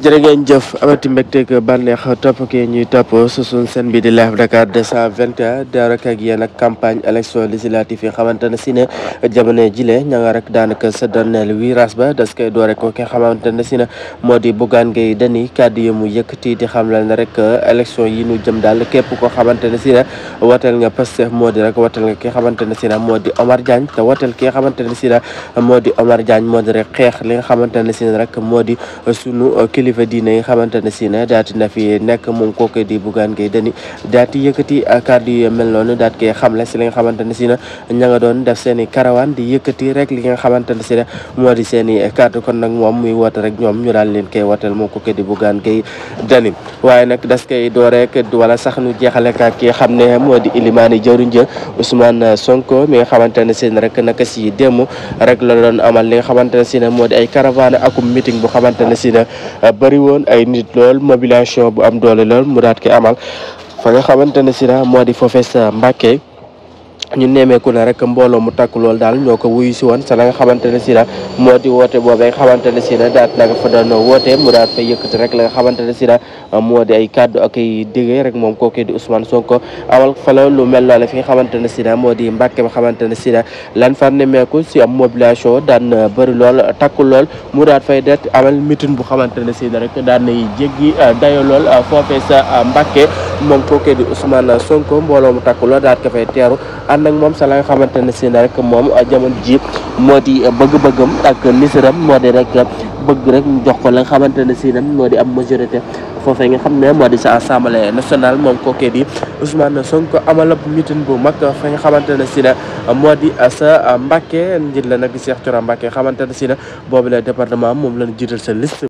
jërë ngeen jëf amati mbégteeg bànneex topp kii ñuy topp susun seen bi di live Dakar 221 daara ak yéen ak campagne élection législative yi xamante ne si ne jamono jile ña rek daanaka sa donneel virage ba das koy doore ko ki xamante ne si ne moo di Bougane Gueye Dany kàddu yi mu yëkkati di xam la ne rek élection yi nu jëm daal képp koo xamante ne si ne wateel nga Pastef moo di rek wateel nga ki xamante ne si ne moo di Omar Diagne te wateel ki xamante ne si ne moo di Omar Diagne moo di rek xeex li nga xamante ne si ne rek moo di kilifa diine yi xamante ne si ne daati na fi nekk ko kooku di Bougane Gueye Dany daati yëkkati uh, kàddu yu mel noonu daat koy xamle si li nga xamante si na ña nga doon def seen i di yëkkati rek li nga xamante ne si ne moo di seen i kàddu kon nag moom muy woote rek ñoom ñu daal leen koy wooteel ko kooku di Bougane Gueye Dany waaye nag das koy doo rek wala sax nu jeexale ka ki xam ne moo di ilimaani Ousmane Sonko mi nga xamante si rek naka si démb rek la doon amal li nga xamante si ne moo ay caravane akum meeting bu xamante si ne uh, bari woon ay nit lool mobilisation bu am doole lool mu daat koy amal fa nga xamante ne si na moo di foofee sa Mbàkke ñu nemeeku na rek mbooloo mu takk loolu daal ñoo ko wuyu si woon sa la nga xamante ne si na moo di woote boobee nga xamante ne si na daat na nga fa doon woote mu daat fa yëkkati rek la nga xamante ne si na moo di ay kàddu ak ay rek moom kooku di Ousmane Sonko awal fa lu mel noonu fi nga xamante ne si na moo di Mbàkke nga xamante ne si na lan fa nemeeku si am mobilisation daan bëri lool takku lool mu daat fay det amal mitin bu xamante ne si rek daan nay jéggi dayo lool foofee sa Mbàkke moom kooku di Ousmane Sonko mbooloo mu takku lool ko teeru ànd moom sa la nga xamante ne si ne rek moom jamono ji moo di bëgg-bëggam ak nisiram moo di rek bëgg rek ñu jox ko la nga xamante ne si ne moo di am majorité foofee nga xam ne moo di sa assemblée national moom kookee son Ousmane Sonko amalab meeting bu mag fa nga xamante ne si ne moo di njiit la nag Cheikh Thioro Mbacke xamante ne si ne boobu la département moom la jiital sa liste